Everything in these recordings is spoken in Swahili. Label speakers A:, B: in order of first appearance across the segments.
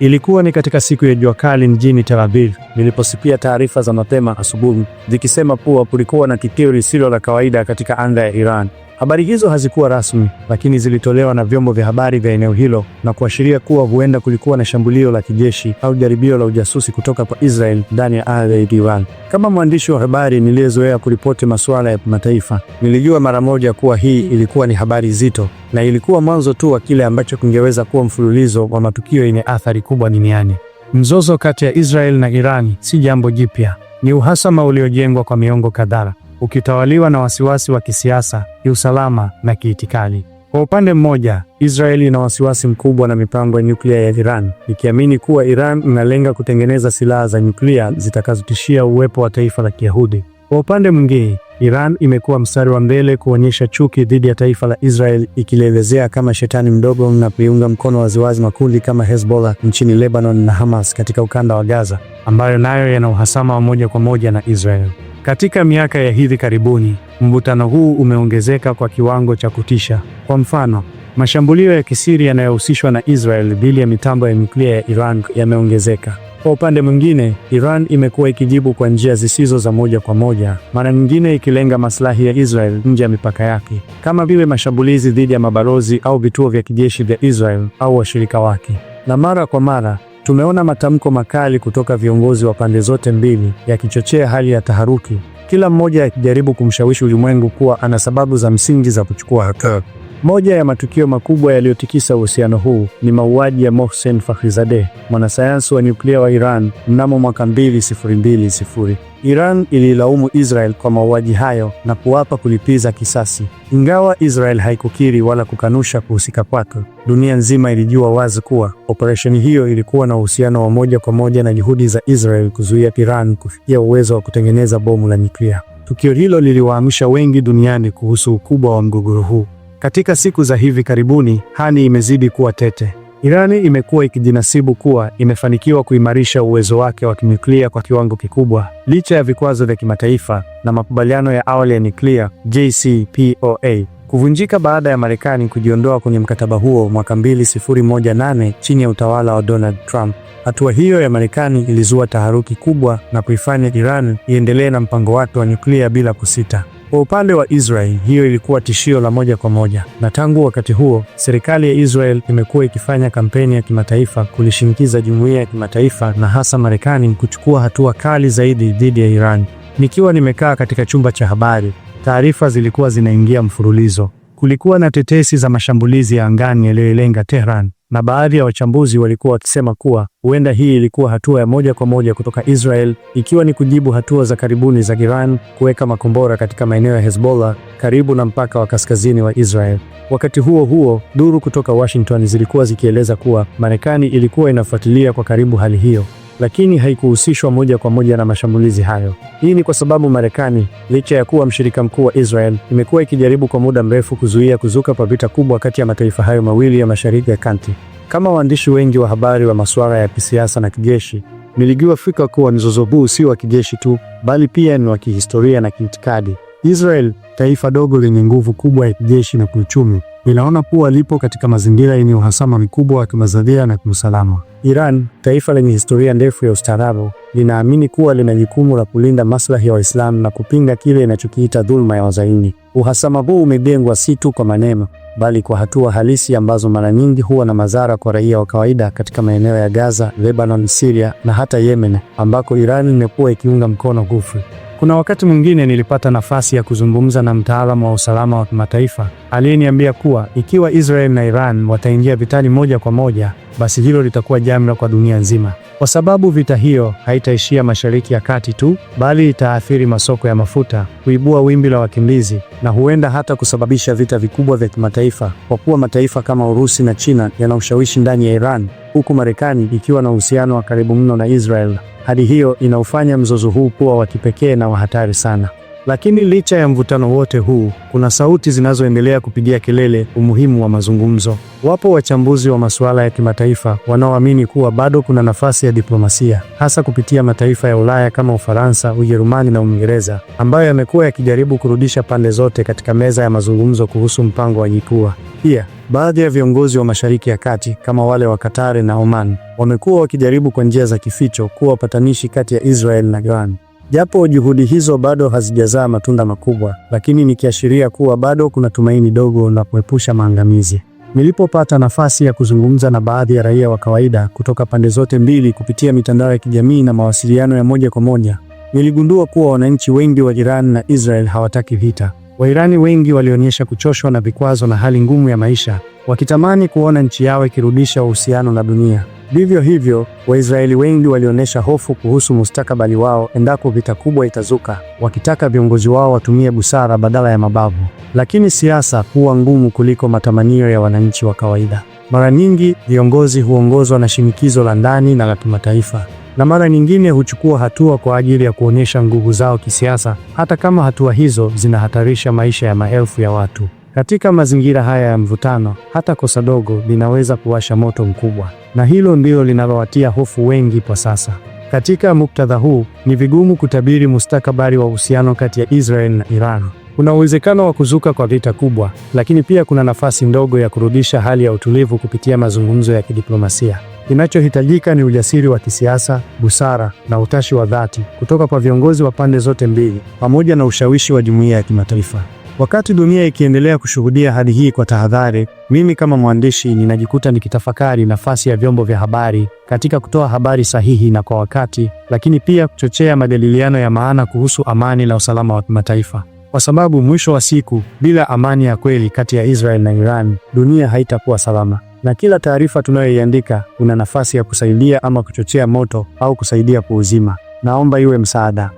A: Ilikuwa ni katika siku ya jua kali mjini Tel Aviv niliposikia taarifa za mapema asubuhi zikisema kuwa kulikuwa na tukio lisilo la kawaida katika anga ya Iran. Habari hizo hazikuwa rasmi, lakini zilitolewa na vyombo vya habari vya eneo hilo na kuashiria kuwa huenda kulikuwa na shambulio la kijeshi au jaribio la ujasusi kutoka kwa Israel ndani ya ardhi ya Iran. Kama mwandishi wa habari niliyezoea kuripoti masuala ya kimataifa, nilijua mara moja kuwa hii ilikuwa ni habari zito na ilikuwa mwanzo tu wa kile ambacho kingeweza kuwa mfululizo wa matukio yenye athari kubwa duniani. Mzozo kati ya Israel na Iran si jambo jipya, ni uhasama uliojengwa kwa miongo kadhaa ukitawaliwa na wasiwasi wa kisiasa, kiusalama na kiitikadi. Kwa upande mmoja, Israeli ina wasiwasi mkubwa na mipango ya nyuklia ya Iran, ikiamini kuwa Iran inalenga kutengeneza silaha za nyuklia zitakazotishia uwepo wa taifa la Kiyahudi. Kwa upande mwingine, Iran imekuwa mstari wa mbele kuonyesha chuki dhidi ya taifa la Israel, ikilielezea kama shetani mdogo na kuiunga mkono waziwazi makundi kama Hezbollah nchini Lebanon na Hamas katika ukanda wa Gaza, ambayo nayo yana uhasama wa moja kwa moja na Israel. Katika miaka ya hivi karibuni, mvutano huu umeongezeka kwa kiwango cha kutisha. Kwa mfano, mashambulio ya kisiri yanayohusishwa na Israel dhidi ya mitambo ya nyuklia ya Iran yameongezeka. Kwa upande mwingine, Iran imekuwa ikijibu kwa njia zisizo za moja kwa moja, mara nyingine ikilenga maslahi ya Israel nje ya mipaka yake, kama vile mashambulizi dhidi ya mabalozi au vituo vya kijeshi vya Israel au washirika wake. Na mara kwa mara, Tumeona matamko makali kutoka viongozi wa pande zote mbili yakichochea hali ya taharuki, kila mmoja akijaribu kumshawishi ulimwengu kuwa ana sababu za msingi za kuchukua hatua. Moja ya matukio makubwa yaliyotikisa uhusiano huu ni mauaji ya Mohsen Fakhrizadeh, mwanasayansi wa nyuklia wa Iran mnamo mwaka 2020. Iran ililaumu Israel kwa mauaji hayo na kuapa kulipiza kisasi. Ingawa Israel haikukiri wala kukanusha kuhusika kwake, dunia nzima ilijua wazi kuwa operesheni hiyo ilikuwa na uhusiano wa moja kwa moja na juhudi za Israel kuzuia Iran kufikia uwezo wa kutengeneza bomu la nyuklia. Tukio hilo liliwaamsha wengi duniani kuhusu ukubwa wa mgogoro huu. Katika siku za hivi karibuni, hali imezidi kuwa tete. Irani imekuwa ikijinasibu kuwa imefanikiwa kuimarisha uwezo wake wa kinyuklia kwa kiwango kikubwa licha ya vikwazo vya kimataifa na makubaliano ya awali ya nyuklia JCPOA kuvunjika baada ya Marekani kujiondoa kwenye mkataba huo mwaka 2018 chini ya utawala wa Donald Trump. Hatua hiyo ya Marekani ilizua taharuki kubwa na kuifanya Iran iendelee na mpango wake wa nyuklia bila kusita. Kwa upande wa Israel, hiyo ilikuwa tishio la moja kwa moja, na tangu wakati huo serikali ya Israel imekuwa ikifanya kampeni ya kimataifa kulishinikiza jumuiya ya kimataifa na hasa Marekani kuchukua hatua kali zaidi dhidi ya Iran. Nikiwa nimekaa katika chumba cha habari, taarifa zilikuwa zinaingia mfululizo. Kulikuwa na tetesi za mashambulizi ya angani yaliyolenga Tehran, na baadhi ya wachambuzi walikuwa wakisema kuwa huenda hii ilikuwa hatua ya moja kwa moja kutoka Israel ikiwa ni kujibu hatua za karibuni za Iran kuweka makombora katika maeneo ya Hezbollah karibu na mpaka wa kaskazini wa Israel. Wakati huo huo, duru kutoka Washington zilikuwa zikieleza kuwa Marekani ilikuwa inafuatilia kwa karibu hali hiyo lakini haikuhusishwa moja kwa moja na mashambulizi hayo. Hii ni kwa sababu Marekani, licha ya kuwa mshirika mkuu wa Israel, imekuwa ikijaribu kwa muda mrefu kuzuia kuzuka kwa vita kubwa kati ya mataifa hayo mawili ya Mashariki ya Kati. Kama waandishi wengi wa habari wa masuala ya kisiasa na kijeshi, niligiwa fika kuwa mzozo huu si wa kijeshi tu, bali pia ni wa kihistoria na kiitikadi. Israel, taifa dogo lenye nguvu kubwa ya kijeshi na kiuchumi, linaona kuwa lipo katika mazingira yenye uhasama mkubwa wa kimazalia na kiusalama. Iran, taifa lenye historia ndefu ya ustaarabu, linaamini kuwa lina jukumu la kulinda maslahi ya Waislamu na kupinga kile inachokiita dhuluma ya Wazayuni. Uhasama huu umejengwa si tu kwa maneno bali kwa hatua halisi ambazo mara nyingi huwa na madhara kwa raia wa kawaida katika maeneo ya Gaza, Lebanon, Syria na hata Yemen ambako Iran imekuwa ikiunga mkono gufu Kuna wakati mwingine nilipata nafasi ya kuzungumza na mtaalamu wa usalama wa kimataifa aliyeniambia kuwa ikiwa Israel na Iran wataingia vitani moja kwa moja, basi hilo litakuwa janga kwa dunia nzima kwa sababu vita hiyo haitaishia Mashariki ya Kati tu, bali itaathiri masoko ya mafuta, kuibua wimbi la wakimbizi na huenda hata kusababisha vita vikubwa vya kimataifa, kwa kuwa mataifa kama Urusi na China yana ushawishi ndani ya Iran, huku Marekani ikiwa na uhusiano wa karibu mno na Israel. Hali hiyo inaufanya mzozo huu kuwa wa kipekee na wa hatari sana. Lakini licha ya mvutano wote huu, kuna sauti zinazoendelea kupigia kelele umuhimu wa mazungumzo. Wapo wachambuzi wa masuala ya kimataifa wanaoamini kuwa bado kuna nafasi ya diplomasia, hasa kupitia mataifa ya Ulaya kama Ufaransa, Ujerumani na Uingereza, ambayo yamekuwa yakijaribu kurudisha pande zote katika meza ya mazungumzo kuhusu mpango wa Nyikua. Pia baadhi ya viongozi wa Mashariki ya Kati kama wale wa Katari na Oman wamekuwa wakijaribu kwa njia za kificho kuwa wapatanishi kati ya Israel na Iran. Japo juhudi hizo bado hazijazaa matunda makubwa, lakini nikiashiria kuwa bado kuna tumaini dogo la kuepusha maangamizi. Nilipopata nafasi ya kuzungumza na baadhi ya raia wa kawaida kutoka pande zote mbili kupitia mitandao ya kijamii na mawasiliano ya moja kwa moja, niligundua kuwa wananchi wengi wa Iran na Israel hawataki vita. Wairani wengi walionyesha kuchoshwa na vikwazo na hali ngumu ya maisha, wakitamani kuona nchi yao ikirudisha uhusiano na dunia. Vivyo hivyo, Waisraeli wengi walionyesha hofu kuhusu mustakabali wao endapo vita kubwa itazuka, wakitaka viongozi wao watumie busara badala ya mabavu. Lakini siasa huwa ngumu kuliko matamanio ya wananchi wa kawaida. Mara nyingi viongozi huongozwa na shinikizo la ndani na la kimataifa, na mara nyingine huchukua hatua kwa ajili ya kuonyesha nguvu zao kisiasa, hata kama hatua hizo zinahatarisha maisha ya maelfu ya watu. Katika mazingira haya ya mvutano, hata kosa dogo linaweza kuwasha moto mkubwa na hilo ndilo linalowatia hofu wengi kwa sasa. Katika muktadha huu, ni vigumu kutabiri mustakabali wa uhusiano kati ya Israel na Iran. Kuna uwezekano wa kuzuka kwa vita kubwa, lakini pia kuna nafasi ndogo ya kurudisha hali ya utulivu kupitia mazungumzo ya kidiplomasia. Kinachohitajika ni ujasiri wa kisiasa, busara na utashi wa dhati kutoka kwa viongozi wa pande zote mbili, pamoja na ushawishi wa jumuiya ya kimataifa. Wakati dunia ikiendelea kushuhudia hali hii kwa tahadhari, mimi kama mwandishi ninajikuta nikitafakari nafasi ya vyombo vya habari katika kutoa habari sahihi na kwa wakati, lakini pia kuchochea majadiliano ya maana kuhusu amani na usalama wa kimataifa, kwa sababu mwisho wa siku, bila amani ya kweli kati ya Israel na Iran, dunia haitakuwa salama, na kila taarifa tunayoiandika kuna nafasi ya kusaidia ama kuchochea moto au kusaidia kuuzima. Naomba iwe msaada.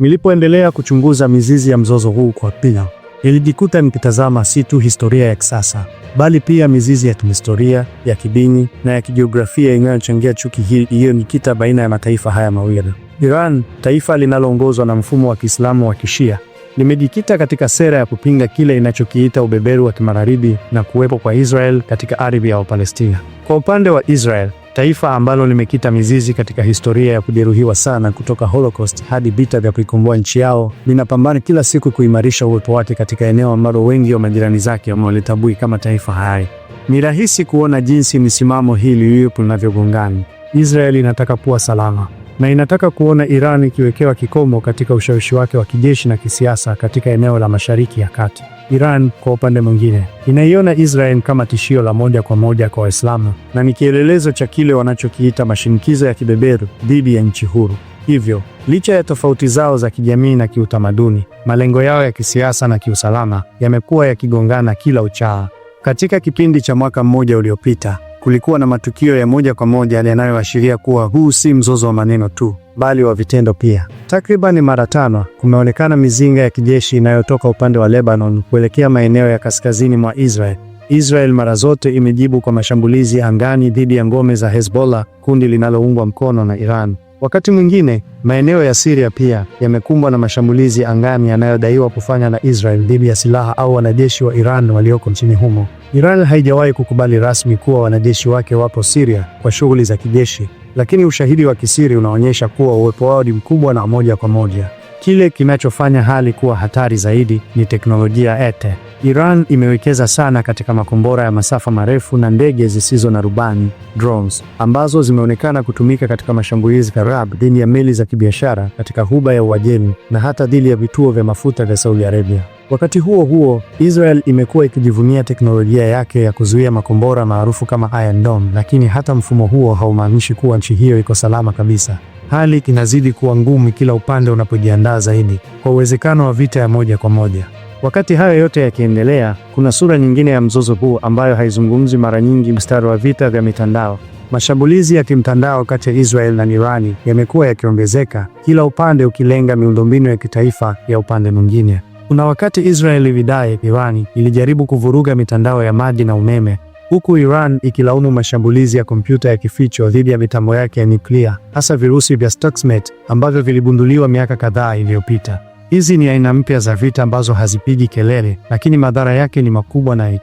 A: Nilipoendelea kuchunguza mizizi ya mzozo huu kwa kina, nilijikuta nikitazama si tu historia ya kisasa, bali pia mizizi ya kihistoria, ya kidini na ya kijiografia inayochangia chuki hii iliyojikita baina ya mataifa haya mawili. Iran, taifa linaloongozwa na mfumo wa Kiislamu wa Kishia, limejikita katika sera ya kupinga kile inachokiita ubeberu wa kimagharibi na kuwepo kwa Israel katika ardhi ya Wapalestina. Kwa upande wa Israel, taifa ambalo limekita mizizi katika historia ya kujeruhiwa sana kutoka Holocaust hadi vita vya kuikomboa nchi yao, linapambana kila siku kuimarisha uwepo wake katika eneo ambalo wengi wa majirani zake wamewalitambui kama taifa hai. Ni rahisi kuona jinsi misimamo hii liliyopo linavyogongana. Israeli inataka kuwa salama na inataka kuona Iran ikiwekewa kikomo katika ushawishi wake wa kijeshi na kisiasa katika eneo la Mashariki ya Kati. Iran kwa upande mwingine inaiona Israel kama tishio la moja kwa moja kwa Waislamu na ni kielelezo cha kile wanachokiita mashinikizo ya kibeberu dhidi ya nchi huru. Hivyo, licha ya tofauti zao za kijamii na kiutamaduni, malengo yao ya kisiasa na kiusalama yamekuwa yakigongana kila uchao. Katika kipindi cha mwaka mmoja uliopita kulikuwa na matukio ya moja kwa moja yanayoashiria kuwa huu si mzozo wa maneno tu, bali wa vitendo pia. Takribani mara tano kumeonekana mizinga ya kijeshi inayotoka upande wa Lebanon kuelekea maeneo ya kaskazini mwa Israel. Israel mara zote imejibu kwa mashambulizi angani dhidi ya ngome za Hezbollah, kundi linaloungwa mkono na Iran. Wakati mwingine maeneo ya Syria pia yamekumbwa na mashambulizi angani yanayodaiwa kufanya na Israel dhidi ya silaha au wanajeshi wa Iran walioko nchini humo. Iran haijawahi kukubali rasmi kuwa wanajeshi wake wapo Syria kwa shughuli za kijeshi, lakini ushahidi wa kisiri unaonyesha kuwa uwepo wao ni mkubwa na moja kwa moja. Kile kinachofanya hali kuwa hatari zaidi ni teknolojia ete Iran imewekeza sana katika makombora ya masafa marefu na ndege zisizo na rubani drones, ambazo zimeonekana kutumika katika mashambulizi kadhaa dhidi ya meli za kibiashara katika Ghuba ya Uajemi na hata dhidi ya vituo vya mafuta vya Saudi Arabia. Wakati huo huo, Israel imekuwa ikijivunia teknolojia yake ya kuzuia makombora maarufu kama Iron Dome, lakini hata mfumo huo haumaanishi kuwa nchi hiyo iko salama kabisa. Hali inazidi kuwa ngumu kila upande unapojiandaa zaidi kwa uwezekano wa vita ya moja kwa moja. Wakati hayo yote yakiendelea, kuna sura nyingine ya mzozo huu ambayo haizungumzi mara nyingi: mstari wa vita vya mitandao. Mashambulizi ya kimtandao kati ya Israel na Irani yamekuwa yakiongezeka, kila upande ukilenga miundombinu ya kitaifa ya upande mwingine. Kuna wakati Israel ilidai Irani ilijaribu kuvuruga mitandao ya maji na umeme, huku Iran ikilaumu mashambulizi ya kompyuta ya kificho dhidi ya mitambo yake ya nyuklia, hasa virusi vya Stuxnet ambavyo viligunduliwa miaka kadhaa iliyopita. Hizi ni aina mpya za vita ambazo hazipigi kelele, lakini madhara yake ni makubwa na ya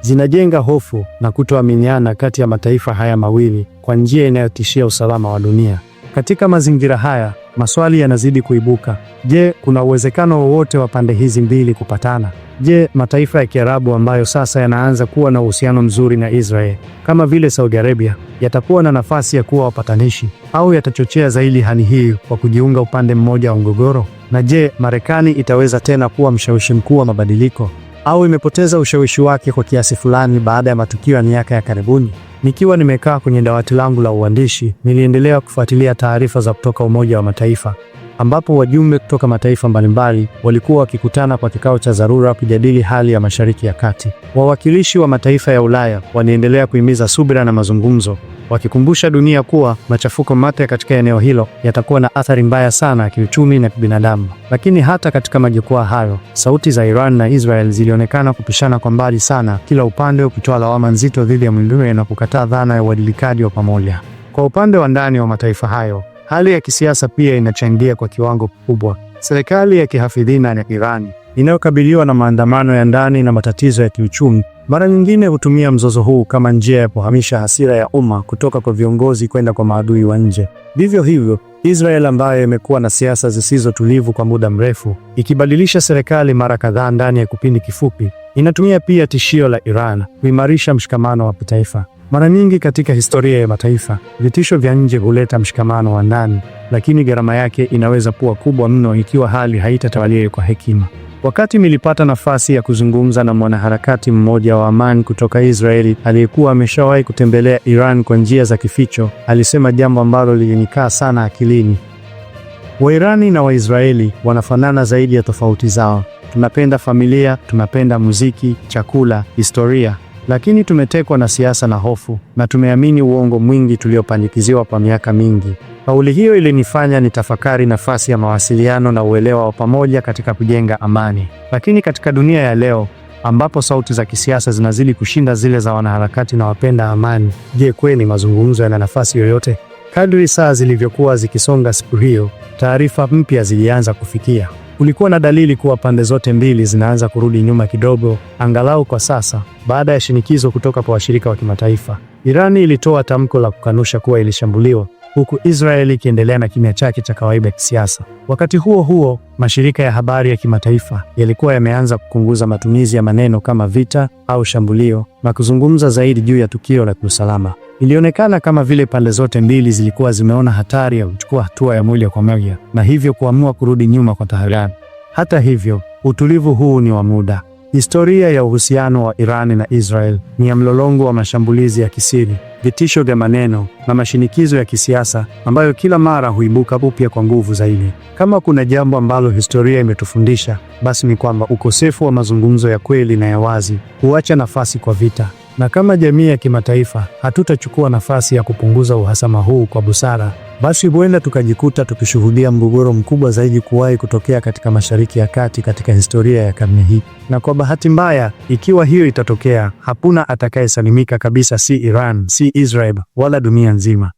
A: Zinajenga hofu na kutoaminiana kati ya mataifa haya mawili kwa njia inayotishia usalama wa dunia. Katika mazingira haya, maswali yanazidi kuibuka. Je, kuna uwezekano wowote wa pande hizi mbili kupatana? Je, mataifa ya Kiarabu ambayo sasa yanaanza kuwa na uhusiano mzuri na Israel kama vile Saudi Arabia yatakuwa na nafasi ya kuwa wapatanishi au yatachochea zaidi hali hii kwa kujiunga upande mmoja wa mgogoro? Na je, Marekani itaweza tena kuwa mshawishi mkuu wa mabadiliko au imepoteza ushawishi wake kwa kiasi fulani baada ya matukio ya miaka ya karibuni? Nikiwa nimekaa kwenye dawati langu la uandishi, niliendelea kufuatilia taarifa za kutoka Umoja wa Mataifa ambapo wajumbe kutoka mataifa mbalimbali walikuwa wakikutana kwa kikao cha dharura kujadili hali ya Mashariki ya Kati. Wawakilishi wa mataifa ya Ulaya wanaendelea kuhimiza subira na mazungumzo, wakikumbusha dunia kuwa machafuko mapya katika eneo hilo yatakuwa na athari mbaya sana ya kiuchumi na kibinadamu. Lakini hata katika majukwaa hayo, sauti za Iran na Israel zilionekana kupishana kwa mbali sana, kila upande ukitoa lawama nzito dhidi ya mwingine na kukataa dhana ya uadilikaji wa pamoja. Kwa upande wa ndani wa mataifa hayo Hali ya kisiasa pia inachangia kwa kiwango kikubwa. Serikali ya kihafidhina ya Irani inayokabiliwa na maandamano ya ndani na matatizo ya kiuchumi, mara nyingine hutumia mzozo huu kama njia ya kuhamisha hasira ya umma kutoka kwa viongozi kwenda kwa maadui wa nje. Vivyo hivyo, Israel ambayo imekuwa na siasa zisizo tulivu kwa muda mrefu, ikibadilisha serikali mara kadhaa ndani ya kipindi kifupi, inatumia pia tishio la Iran kuimarisha mshikamano wa kitaifa. Mara nyingi katika historia ya mataifa, vitisho vya nje huleta mshikamano wa ndani, lakini gharama yake inaweza kuwa kubwa mno ikiwa hali haitatawaliwa kwa hekima. Wakati nilipata nafasi ya kuzungumza na mwanaharakati mmoja wa amani kutoka Israeli aliyekuwa ameshawahi kutembelea Iran kwa njia za kificho, alisema jambo ambalo lilinikaa sana akilini. Wairani na Waisraeli wanafanana zaidi ya tofauti zao. Tunapenda familia, tunapenda muziki, chakula, historia lakini tumetekwa na siasa na hofu na tumeamini uongo mwingi tuliopandikiziwa kwa miaka mingi. Kauli hiyo ilinifanya nitafakari nafasi ya mawasiliano na uelewa wa pamoja katika kujenga amani. Lakini katika dunia ya leo ambapo sauti za kisiasa zinazidi kushinda zile za wanaharakati na wapenda amani, je, kweli mazungumzo yana nafasi yoyote? Kadri saa zilivyokuwa zikisonga siku hiyo, taarifa mpya zilianza kufikia. Kulikuwa na dalili kuwa pande zote mbili zinaanza kurudi nyuma kidogo, angalau kwa sasa, baada ya shinikizo kutoka kwa washirika wa kimataifa. Irani ilitoa tamko la kukanusha kuwa ilishambuliwa, huku Israeli ikiendelea na kimya chake cha kawaida ya kisiasa. Wakati huo huo, mashirika ya habari ya kimataifa yalikuwa yameanza kupunguza matumizi ya maneno kama vita au shambulio na kuzungumza zaidi juu ya tukio la kiusalama. Ilionekana kama vile pande zote mbili zilikuwa zimeona hatari ya kuchukua hatua ya moja kwa moja na hivyo kuamua kurudi nyuma kwa tahadhari. Hata hivyo, utulivu huu ni wa muda. Historia ya uhusiano wa Irani na Israel ni ya mlolongo wa mashambulizi ya kisiri, vitisho vya maneno na mashinikizo ya kisiasa ambayo kila mara huibuka upya kwa nguvu zaidi. Kama kuna jambo ambalo historia imetufundisha, basi ni kwamba ukosefu wa mazungumzo ya kweli na ya wazi huacha nafasi kwa vita. Na kama jamii ya kimataifa hatutachukua nafasi ya kupunguza uhasama huu kwa busara, basi huenda tukajikuta tukishuhudia mgogoro mkubwa zaidi kuwahi kutokea katika Mashariki ya Kati katika historia ya karne hii. Na kwa bahati mbaya, ikiwa hiyo itatokea, hakuna atakayesalimika kabisa, si Iran, si Israel, wala dunia nzima.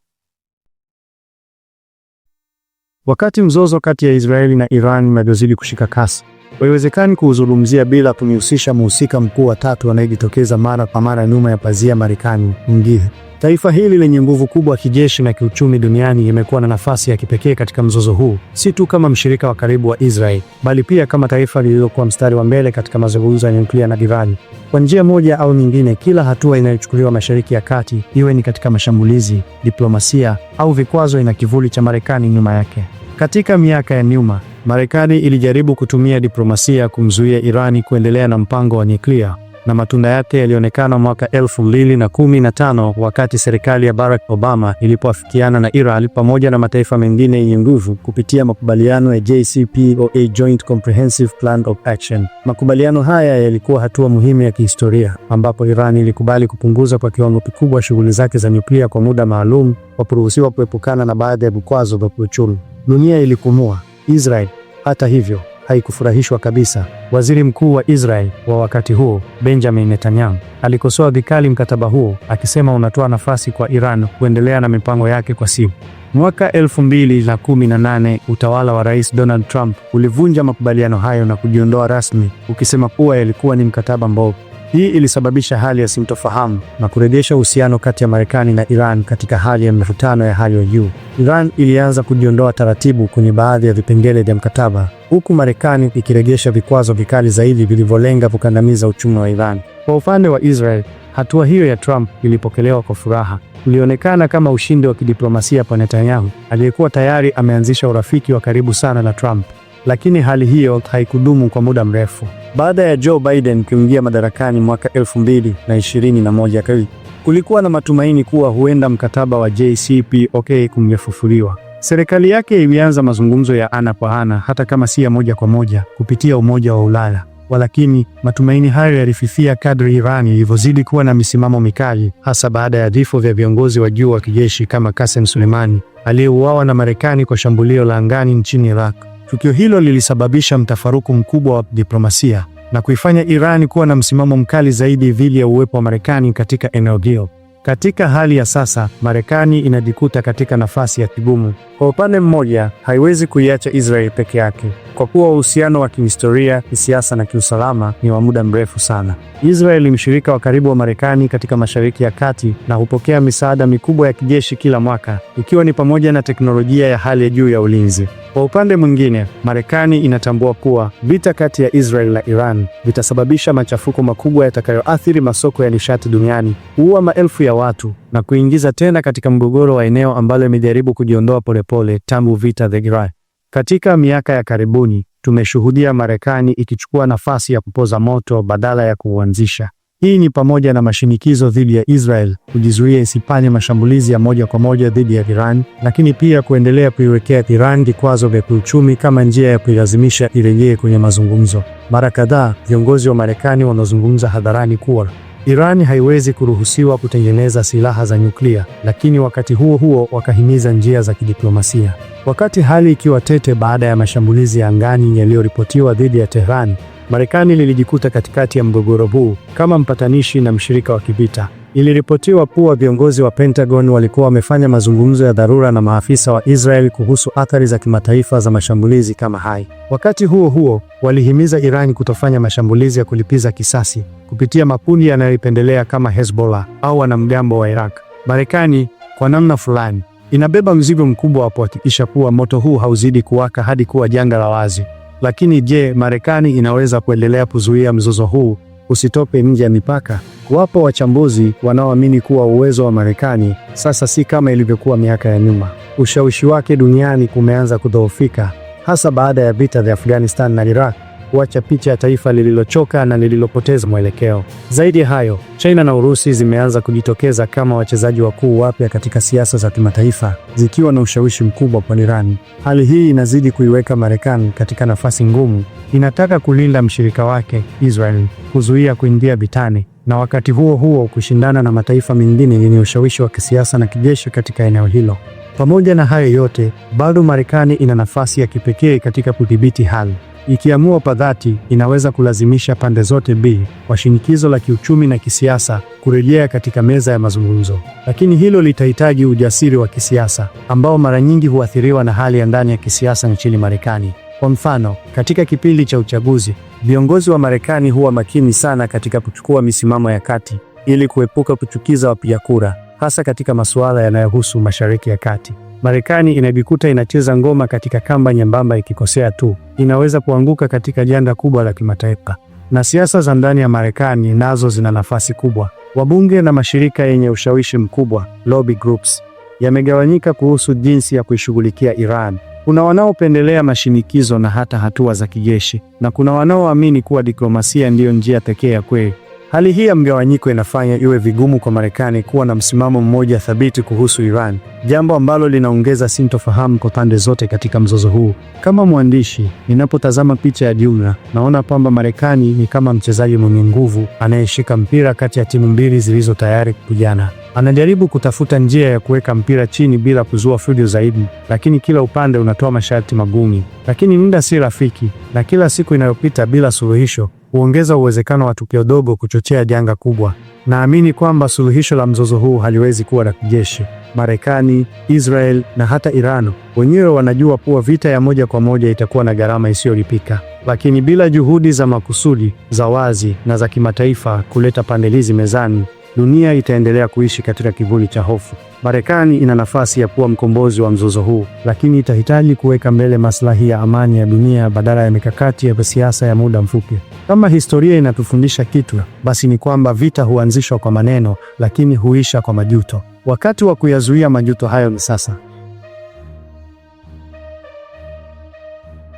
A: Wakati mzozo kati ya Israeli na Iran unavyozidi kushika kasi Haiwezekani kuuzungumzia bila kunihusisha mhusika mkuu wa tatu anayejitokeza mara kwa mara nyuma ya pazia, Marekani mwingine. Taifa hili lenye nguvu kubwa ya kijeshi na kiuchumi duniani imekuwa na nafasi ya kipekee katika mzozo huu, si tu kama mshirika wa karibu wa Israel, bali pia kama taifa lililokuwa mstari wa mbele katika mazungumzo ya nyuklia na divani. Kwa njia moja au nyingine, kila hatua inayochukuliwa Mashariki ya Kati, iwe ni katika mashambulizi, diplomasia au vikwazo, ina kivuli cha Marekani nyuma yake. Katika miaka ya nyuma Marekani ilijaribu kutumia diplomasia kumzuia Irani kuendelea na mpango wa nyuklia na matunda yake yalionekana mwaka 2015 wakati serikali ya Barack Obama ilipoafikiana na Iran pamoja na mataifa mengine yenye nguvu kupitia makubaliano ya JCPOA, Joint Comprehensive Plan of Action. Makubaliano haya yalikuwa hatua muhimu ya kihistoria ambapo Iran ilikubali kupunguza kwa kiwango kikubwa shughuli zake za nyuklia kwa muda maalum, kwa kuruhusiwa kuepukana na baadhi ya vikwazo vya kiuchumi. Dunia ilikumua Israel hata hivyo, haikufurahishwa kabisa. Waziri Mkuu wa Israel wa wakati huo, Benjamin Netanyahu, alikosoa vikali mkataba huo akisema unatoa nafasi kwa Iran kuendelea na mipango yake kwa simu. Mwaka 2018 utawala wa Rais Donald Trump ulivunja makubaliano hayo na kujiondoa rasmi, ukisema kuwa yalikuwa ni mkataba mbovu. Hii ilisababisha hali ya sintofahamu na kurejesha uhusiano kati ya Marekani na Iran katika hali ya mivutano ya hali ya juu. Iran ilianza kujiondoa taratibu kwenye baadhi ya vipengele vya mkataba, huku Marekani ikirejesha vikwazo vikali zaidi vilivyolenga kukandamiza uchumi wa Iran. Kwa upande wa Israel, hatua hiyo ya Trump ilipokelewa kwa furaha. Ulionekana kama ushindi wa kidiplomasia kwa Netanyahu, aliyekuwa tayari ameanzisha urafiki wa karibu sana na Trump lakini hali hiyo haikudumu kwa muda mrefu. Baada ya Joe Biden kuingia madarakani mwaka 2021, kulikuwa na matumaini kuwa huenda mkataba wa JCPOA kungefufuliwa. Serikali yake ilianza mazungumzo ya ana kwa ana, hata kama si ya moja kwa moja, kupitia Umoja wa Ulaya. Walakini, matumaini hayo yalififia kadri Iran ilivyozidi kuwa na misimamo mikali, hasa baada ya vifo vya viongozi wa juu wa kijeshi kama Qasem Soleimani aliyeuawa na Marekani kwa shambulio la angani nchini Iraq. Tukio hilo lilisababisha mtafaruku mkubwa wa diplomasia na kuifanya Iran kuwa na msimamo mkali zaidi dhidi ya uwepo wa Marekani katika eneo hilo. Katika hali ya sasa, Marekani inajikuta katika nafasi ya kigumu. Kwa upande mmoja, haiwezi kuiacha Israeli peke yake, kwa kuwa uhusiano wa kihistoria, kisiasa na kiusalama ni wa muda mrefu sana. Israeli ni mshirika wa karibu wa Marekani katika Mashariki ya Kati na hupokea misaada mikubwa ya kijeshi kila mwaka, ikiwa ni pamoja na teknolojia ya hali ya juu ya ulinzi. Kwa upande mwingine, Marekani inatambua kuwa vita kati ya Israeli na Iran vitasababisha machafuko makubwa yatakayoathiri masoko ya nishati duniani, kuua maelfu ya watu na kuingiza tena katika mgogoro wa eneo ambalo imejaribu kujiondoa polepole tangu vita vya Iran. Katika miaka ya karibuni tumeshuhudia Marekani ikichukua nafasi ya kupoza moto badala ya kuuanzisha. Hii ni pamoja na mashinikizo dhidi ya Israel kujizuia isipanye mashambulizi ya moja kwa moja dhidi ya Iran, lakini pia kuendelea kuiwekea Iran vikwazo vya kiuchumi kama njia ya kuilazimisha irejee kwenye mazungumzo. Mara kadhaa viongozi wa Marekani wanazungumza hadharani kuwa Iran haiwezi kuruhusiwa kutengeneza silaha za nyuklia, lakini wakati huo huo wakahimiza njia za kidiplomasia. Wakati hali ikiwa tete baada ya mashambulizi ya angani yaliyoripotiwa dhidi ya Tehran, Marekani lilijikuta katikati ya mgogoro huu kama mpatanishi na mshirika wa kivita. Iliripotiwa kuwa viongozi wa Pentagon walikuwa wamefanya mazungumzo ya dharura na maafisa wa Israel kuhusu athari za kimataifa za mashambulizi kama hai. Wakati huo huo, walihimiza Iran kutofanya mashambulizi ya kulipiza kisasi kupitia makundi yanayoipendelea kama Hezbollah au wanamgambo wa Iraq. Marekani kwa namna fulani inabeba mzigo mkubwa wa kuhakikisha kuwa moto huu hauzidi kuwaka hadi kuwa janga la wazi. Lakini je, Marekani inaweza kuendelea kuzuia mzozo huu usitope nje ya mipaka. Wapo wachambuzi wanaoamini kuwa uwezo wa Marekani sasa si kama ilivyokuwa miaka ya nyuma. Ushawishi wake duniani umeanza kudhoofika, hasa baada ya vita vya Afghanistan na Iraq kuacha picha ya taifa lililochoka na lililopoteza mwelekeo. Zaidi ya hayo, China na Urusi zimeanza kujitokeza kama wachezaji wakuu wapya katika siasa za kimataifa, zikiwa na ushawishi mkubwa kwa Irani. Hali hii inazidi kuiweka Marekani katika nafasi ngumu. Inataka kulinda mshirika wake Israel, kuzuia kuingia vitani na wakati huo huo kushindana na mataifa mengine yenye ushawishi wa kisiasa na kijeshi katika eneo hilo. Pamoja na hayo yote, bado Marekani ina nafasi ya kipekee katika kudhibiti hali ikiamua kwa dhati, inaweza kulazimisha pande zote b kwa shinikizo la kiuchumi na kisiasa kurejea katika meza ya mazungumzo. Lakini hilo litahitaji ujasiri wa kisiasa ambao mara nyingi huathiriwa na hali ya ndani ya kisiasa nchini Marekani. Kwa mfano, katika kipindi cha uchaguzi, viongozi wa Marekani huwa makini sana katika kuchukua misimamo ya kati ili kuepuka kuchukiza wapiga kura, hasa katika masuala yanayohusu Mashariki ya Kati. Marekani inajikuta inacheza ngoma katika kamba nyembamba, ikikosea tu inaweza kuanguka katika janda kubwa la kimataifa. Na siasa za ndani ya Marekani nazo zina nafasi kubwa. Wabunge na mashirika yenye ushawishi mkubwa, lobby groups, yamegawanyika kuhusu jinsi ya kuishughulikia Iran. Kuna wanaopendelea mashinikizo na hata hatua za kijeshi, na kuna wanaoamini kuwa diplomasia ndiyo njia pekee ya kweli. Hali hii ya mgawanyiko inafanya iwe vigumu kwa Marekani kuwa na msimamo mmoja thabiti kuhusu Iran, jambo ambalo linaongeza sintofahamu kwa pande zote katika mzozo huu. Kama mwandishi, ninapotazama picha ya jumla, naona kwamba Marekani ni kama mchezaji mwenye nguvu anayeshika mpira kati ya timu mbili zilizo tayari kupigana. Anajaribu kutafuta njia ya kuweka mpira chini bila kuzua fujo zaidi, lakini kila upande unatoa masharti magumu. Lakini muda si rafiki, na kila siku inayopita bila suluhisho huongeza uwezekano wa tukio dogo kuchochea janga kubwa. Naamini kwamba suluhisho la mzozo huu haliwezi kuwa la kijeshi. Marekani, Israel na hata Iran wenyewe wanajua kuwa vita ya moja kwa moja itakuwa na gharama isiyolipika, lakini bila juhudi za makusudi za wazi na za kimataifa kuleta pandelizi mezani dunia itaendelea kuishi katika kivuli cha hofu. Marekani ina nafasi ya kuwa mkombozi wa mzozo huu, lakini itahitaji kuweka mbele maslahi ya amani ya dunia badala ya mikakati ya siasa ya muda mfupi. Kama historia inatufundisha kitu, basi ni kwamba vita huanzishwa kwa maneno, lakini huisha kwa majuto. Wakati wa kuyazuia majuto hayo ni sasa.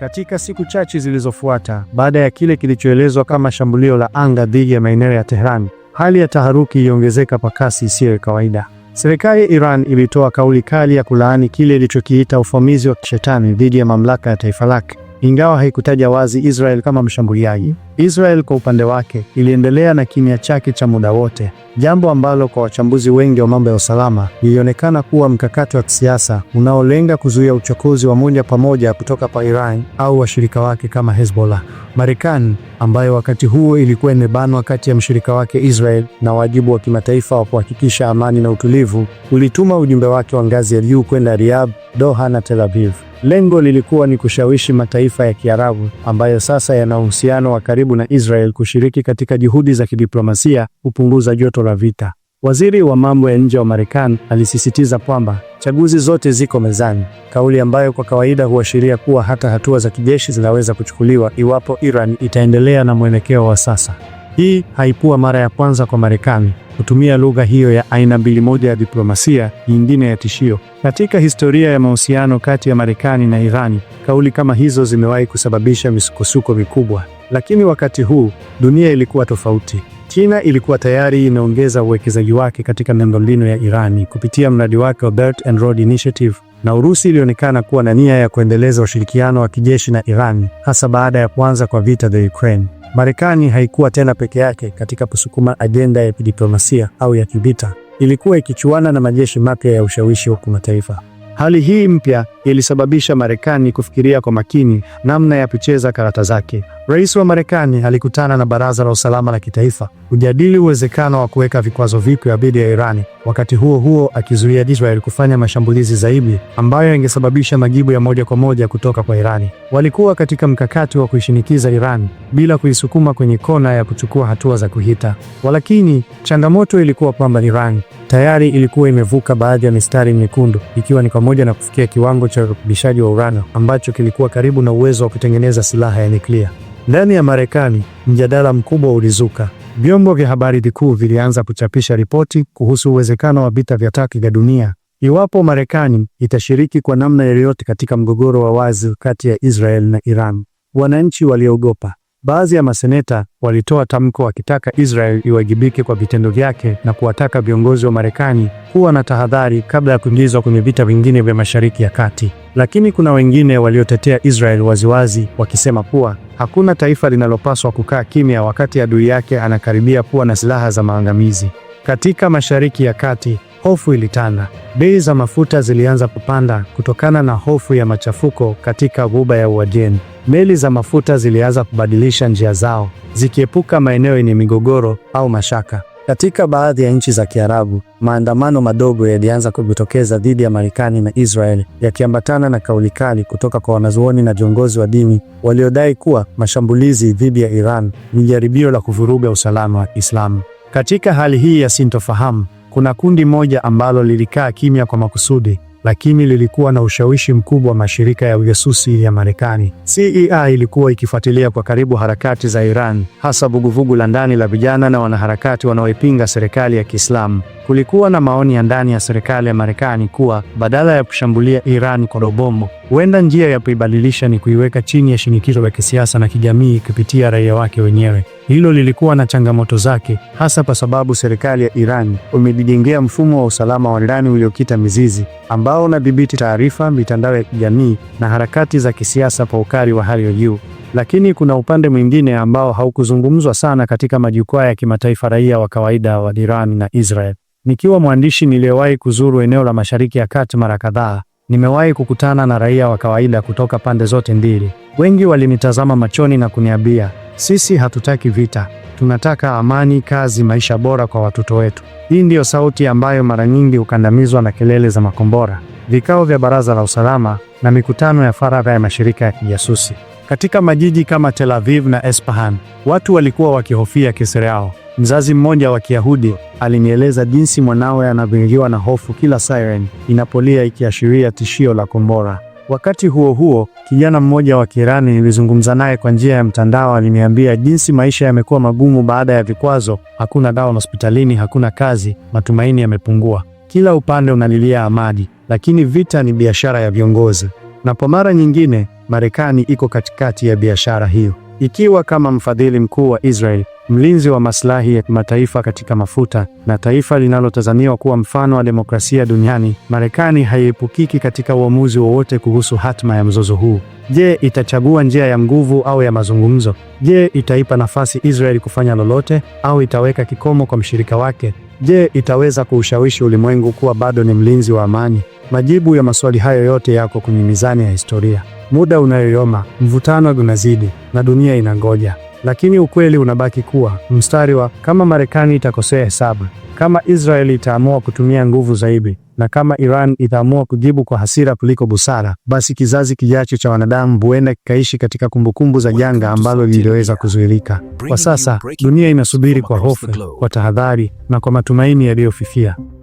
A: Katika siku chache zilizofuata baada ya kile kilichoelezwa kama shambulio la anga dhidi ya maeneo ya Tehran Hali ya taharuki iliongezeka kwa kasi isiyo ya kawaida. Serikali ya Iran ilitoa kauli kali ya kulaani kile ilichokiita uvamizi wa kishetani dhidi ya mamlaka ya taifa lake, ingawa haikutaja wazi Israel kama mshambuliaji. Israel kwa upande wake iliendelea na kimya chake cha muda wote, jambo ambalo kwa wachambuzi wengi wa mambo ya usalama lilionekana kuwa mkakati wa kisiasa unaolenga kuzuia uchokozi wa moja kwa moja kutoka kwa Iran au washirika wake kama Hezbollah. Marekani ambayo wakati huo ilikuwa imebanwa kati ya mshirika wake Israel na wajibu wa kimataifa wa kuhakikisha amani na utulivu, ulituma ujumbe wake wa ngazi ya juu kwenda Riyadh, Doha na Tel Aviv. Lengo lilikuwa ni kushawishi mataifa ya Kiarabu ambayo sasa yana uhusiano wa karibu karibu na Israel kushiriki katika juhudi za kidiplomasia kupunguza joto la vita. Waziri wa mambo ya nje wa Marekani alisisitiza kwamba chaguzi zote ziko mezani, kauli ambayo kwa kawaida huashiria kuwa hata hatua za kijeshi zinaweza kuchukuliwa iwapo Iran itaendelea na mwelekeo wa sasa. Hii haikuwa mara ya kwanza kwa Marekani kutumia lugha hiyo ya aina mbili, moja ya diplomasia, nyingine ya tishio. Katika historia ya mahusiano kati ya Marekani na Irani, kauli kama hizo zimewahi kusababisha misukosuko mikubwa. Lakini wakati huu dunia ilikuwa tofauti. China ilikuwa tayari inaongeza uwekezaji wake katika miundombinu ya Irani kupitia mradi wake wa Belt and Road Initiative, na Urusi ilionekana kuwa na nia ya kuendeleza ushirikiano wa kijeshi na Irani, hasa baada ya kuanza kwa vita vya Ukraine. Marekani haikuwa tena peke yake katika kusukuma ajenda ya kidiplomasia au ya kivita. Ilikuwa ikichuana na majeshi mapya ya ushawishi wa kimataifa. Hali hii mpya ilisababisha Marekani kufikiria kwa makini namna ya kucheza karata zake, Rais wa Marekani alikutana na Baraza la Usalama la Kitaifa kujadili uwezekano wa kuweka vikwazo vipya dhidi ya Irani, wakati huo huo akizuia Israel kufanya mashambulizi zaidi ambayo yangesababisha majibu ya moja kwa moja kutoka kwa Irani. Walikuwa katika mkakati wa kuishinikiza Irani bila kuisukuma kwenye kona ya kuchukua hatua za kuhita. Walakini, changamoto ilikuwa kwamba Irani tayari ilikuwa imevuka baadhi ya mistari mekundu, ikiwa ni pamoja na kufikia kiwango cha urutubishaji wa urani ambacho kilikuwa karibu na uwezo wa kutengeneza silaha ya nyuklia. Ndani ya Marekani mjadala mkubwa ulizuka. Vyombo vya habari vikuu vilianza kuchapisha ripoti kuhusu uwezekano wa vita vya tatu vya dunia iwapo Marekani itashiriki kwa namna yoyote katika mgogoro wa wazi kati ya Israel na Iran. Wananchi waliogopa, Baadhi ya maseneta walitoa tamko wakitaka Israel iwajibike kwa vitendo vyake na kuwataka viongozi wa Marekani kuwa na tahadhari kabla ya kuingizwa kwenye vita vingine vya Mashariki ya Kati. Lakini kuna wengine waliotetea Israel waziwazi wakisema kuwa hakuna taifa linalopaswa kukaa kimya wakati adui yake anakaribia kuwa na silaha za maangamizi. Katika Mashariki ya Kati Hofu ilitanda. Bei za mafuta zilianza kupanda kutokana na hofu ya machafuko katika ghuba ya Uajemi. Meli za mafuta zilianza kubadilisha njia zao, zikiepuka maeneo yenye migogoro au mashaka. Katika baadhi ya nchi za Kiarabu, maandamano madogo yalianza kujitokeza dhidi ya Marekani na Israeli, yakiambatana na kauli kali kutoka kwa wanazuoni na viongozi wa dini waliodai kuwa mashambulizi dhidi ya Iran ni jaribio la kuvuruga usalama wa Islamu. Katika hali hii ya sintofahamu kuna kundi moja ambalo lilikaa kimya kwa makusudi, lakini lilikuwa na ushawishi mkubwa mashirika ya ujasusi ya Marekani. CIA e ilikuwa ikifuatilia kwa karibu harakati za Iran, hasa vuguvugu la ndani la vijana na wanaharakati wanaoipinga serikali ya Kiislamu. Kulikuwa na maoni ya ndani ya serikali ya Marekani kuwa badala ya kushambulia Iran kwa robombo, huenda njia ya kuibadilisha ni kuiweka chini ya shinikizo la kisiasa na kijamii kupitia raia wake wenyewe. Hilo lilikuwa na changamoto zake, hasa kwa sababu serikali ya Iran umejijengea mfumo wa usalama wa ndani uliokita mizizi, ambao unadhibiti taarifa, mitandao ya kijamii na harakati za kisiasa kwa ukali wa hali ya juu. Lakini kuna upande mwingine ambao haukuzungumzwa sana katika majukwaa ya kimataifa, raia wa kawaida wa Iran na Israel. Nikiwa mwandishi niliyewahi kuzuru eneo la Mashariki ya Kati mara kadhaa, nimewahi kukutana na raia wa kawaida kutoka pande zote mbili. Wengi walinitazama machoni na kuniambia, sisi hatutaki vita, tunataka amani, kazi, maisha bora kwa watoto wetu. Hii ndiyo sauti ambayo mara nyingi hukandamizwa na kelele za makombora, vikao vya Baraza la Usalama na mikutano ya faragha ya mashirika ya kijasusi. Katika majiji kama Tel Aviv na Esfahan, watu walikuwa wakihofia kesere yao. Mzazi mmoja wa Kiyahudi alinieleza jinsi mwanawe anavyoingiwa na hofu kila siren inapolia ikiashiria tishio la kombora. Wakati huo huo, kijana mmoja wa Kirani nilizungumza naye kwa njia ya mtandao aliniambia jinsi maisha yamekuwa magumu baada ya vikwazo. Hakuna dawa hospitalini, hakuna kazi, matumaini yamepungua. Kila upande unalilia amani, lakini vita ni biashara ya viongozi na kwa mara nyingine Marekani iko katikati ya biashara hiyo, ikiwa kama mfadhili mkuu wa Israel, mlinzi wa maslahi ya kimataifa katika mafuta na taifa linalotazamiwa kuwa mfano wa demokrasia duniani. Marekani haiepukiki katika uamuzi wowote kuhusu hatma ya mzozo huu. Je, itachagua njia ya nguvu au ya mazungumzo? Je, itaipa nafasi Israel kufanya lolote au itaweka kikomo kwa mshirika wake? Je, itaweza kuushawishi ulimwengu kuwa bado ni mlinzi wa amani? Majibu ya maswali hayo yote yako kwenye mizani ya historia. Muda unayoyoma, mvutano unazidi, na dunia inangoja. Lakini ukweli unabaki kuwa mstari wa kama Marekani itakosea hesabu, kama Israeli itaamua kutumia nguvu zaidi, na kama Iran itaamua kujibu kwa hasira kuliko busara, basi kizazi kijacho cha wanadamu huenda kikaishi katika kumbukumbu za janga ambalo liliweza kuzuilika. Kwa sasa dunia inasubiri kwa hofu, kwa tahadhari na kwa matumaini yaliyofifia.